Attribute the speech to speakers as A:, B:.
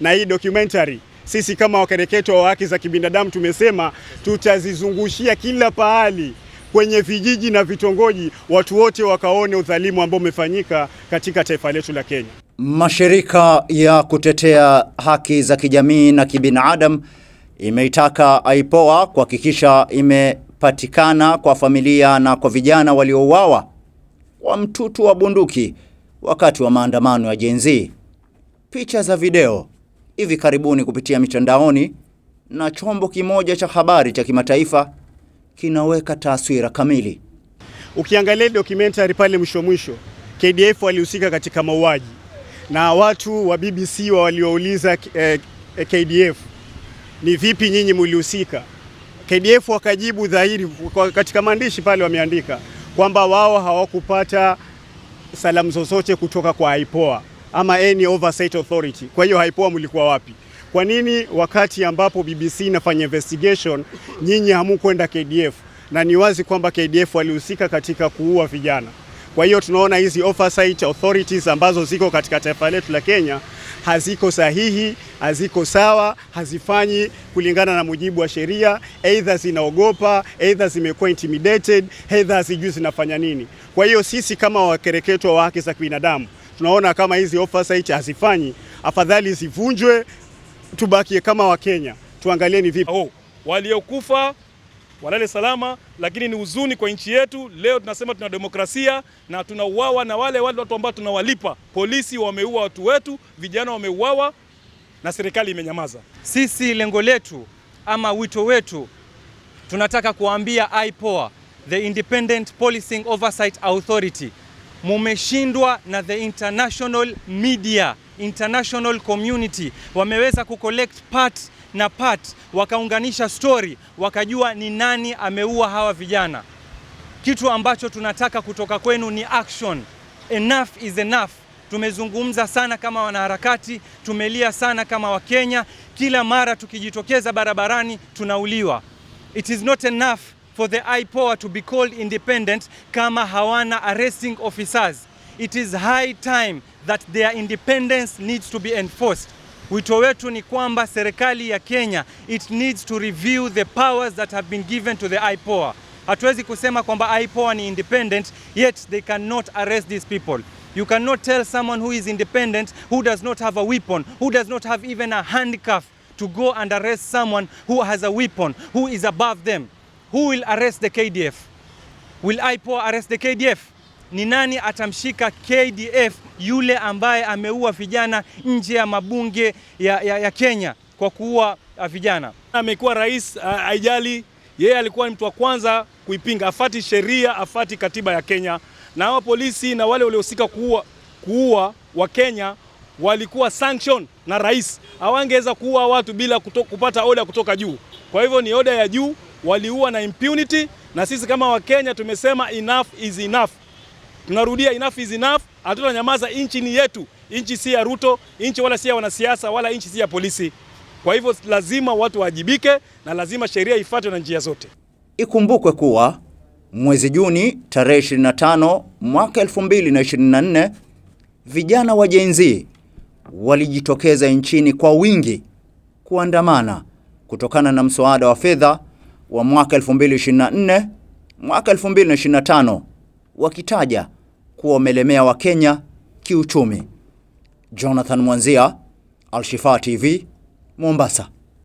A: na hii documentary sisi kama wakereketo wa haki za kibinadamu tumesema tutazizungushia kila pahali kwenye vijiji na vitongoji, watu wote wakaone udhalimu ambao umefanyika katika taifa letu la Kenya.
B: Mashirika ya kutetea haki za kijamii na kibinadamu imeitaka AIPOA kuhakikisha imepatikana kwa familia na kwa vijana waliouawa kwa mtutu wa bunduki wakati wa maandamano ya Gen Z. Picha za video hivi karibuni kupitia mitandaoni na chombo kimoja cha habari cha kimataifa kinaweka taswira kamili.
A: Ukiangalia documentary pale mwisho mwisho, KDF walihusika katika mauaji na watu wa BBC wa waliouliza eh, KDF ni vipi nyinyi mlihusika? KDF wakajibu dhahiri katika maandishi pale, wameandika kwamba wao hawakupata salamu zozote kutoka kwa IPOA ama any oversight authority. Kwa hiyo haipoa, mlikuwa wapi? Kwa nini wakati ambapo BBC inafanya investigation nyinyi hamukwenda KDF? Na ni wazi kwamba KDF walihusika katika kuua vijana. Kwa hiyo tunaona hizi oversight authorities ambazo ziko katika taifa letu la Kenya haziko sahihi, haziko sawa, hazifanyi kulingana na mujibu wa sheria. Aidha zinaogopa, aidha zimekuwa intimidated, aidha hazijui zinafanya nini. Kwa hiyo sisi kama wakereketwa wa haki za binadamu tunaona kama hizi ofa hazifanyi, afadhali zivunjwe, tubakie kama Wakenya, tuangalie ni vipi oh, waliokufa walale salama, lakini ni huzuni kwa nchi yetu. Leo tunasema tuna demokrasia na tunauawa na wale wale watu ambao tunawalipa. Polisi wameua watu wetu, vijana wameuawa na serikali imenyamaza.
C: Sisi lengo letu ama wito wetu tunataka kuambia IPOA, the Independent Policing Oversight Authority mumeshindwa na the international media, international community wameweza kucollect part na part, wakaunganisha story, wakajua ni nani ameua hawa vijana. Kitu ambacho tunataka kutoka kwenu ni action. Enough is enough. Tumezungumza sana kama wanaharakati, tumelia sana kama Wakenya. Kila mara tukijitokeza barabarani tunauliwa. It is not enough for the IPOA to be called independent kama hawana arresting officers. It is high time that their independence needs to be enforced. Wito wetu ni kwamba serikali ya Kenya it needs to review the powers that have been given to the IPOA. Hatuwezi kusema kwamba IPOA ni independent yet they cannot arrest these people. You cannot tell someone who is independent who does not have a weapon, who does not have even a handcuff to go and arrest someone who has a weapon, who is above them. Who will arrest the KDF? Will IPOA arrest the KDF? Ni nani atamshika KDF yule ambaye ameua vijana nje ya mabunge ya, ya, ya Kenya kwa kuua uh, vijana?
A: Amekuwa rais uh, haijali, yeye alikuwa mtu wa kwanza kuipinga, afati sheria, afati katiba ya Kenya, na hawa polisi na wale waliohusika kuua, kuua wa Kenya walikuwa sanction na rais, hawangeweza kuua watu bila kutoka, kupata oda kutoka juu. Kwa hivyo ni oda ya juu, waliua na impunity, na sisi kama Wakenya tumesema enough is enough. Tunarudia enough is enough, nyamaza Nchi ni yetu, nchi si ya Ruto, nchi wala si ya wanasiasa, wala nchi si ya polisi. Kwa hivyo lazima watu waajibike na lazima sheria ifuatwe na njia zote.
B: Ikumbukwe kuwa mwezi Juni tarehe 25 mwaka 2024 vijana wa Gen Z walijitokeza nchini kwa wingi kuandamana kutokana na mswada wa fedha wa mwaka 2024 mwaka 2025 wakitaja kuwa wamelemea kenya kiuchumi. Jonathan Mwanzia, Alshifa TV, Mombasa.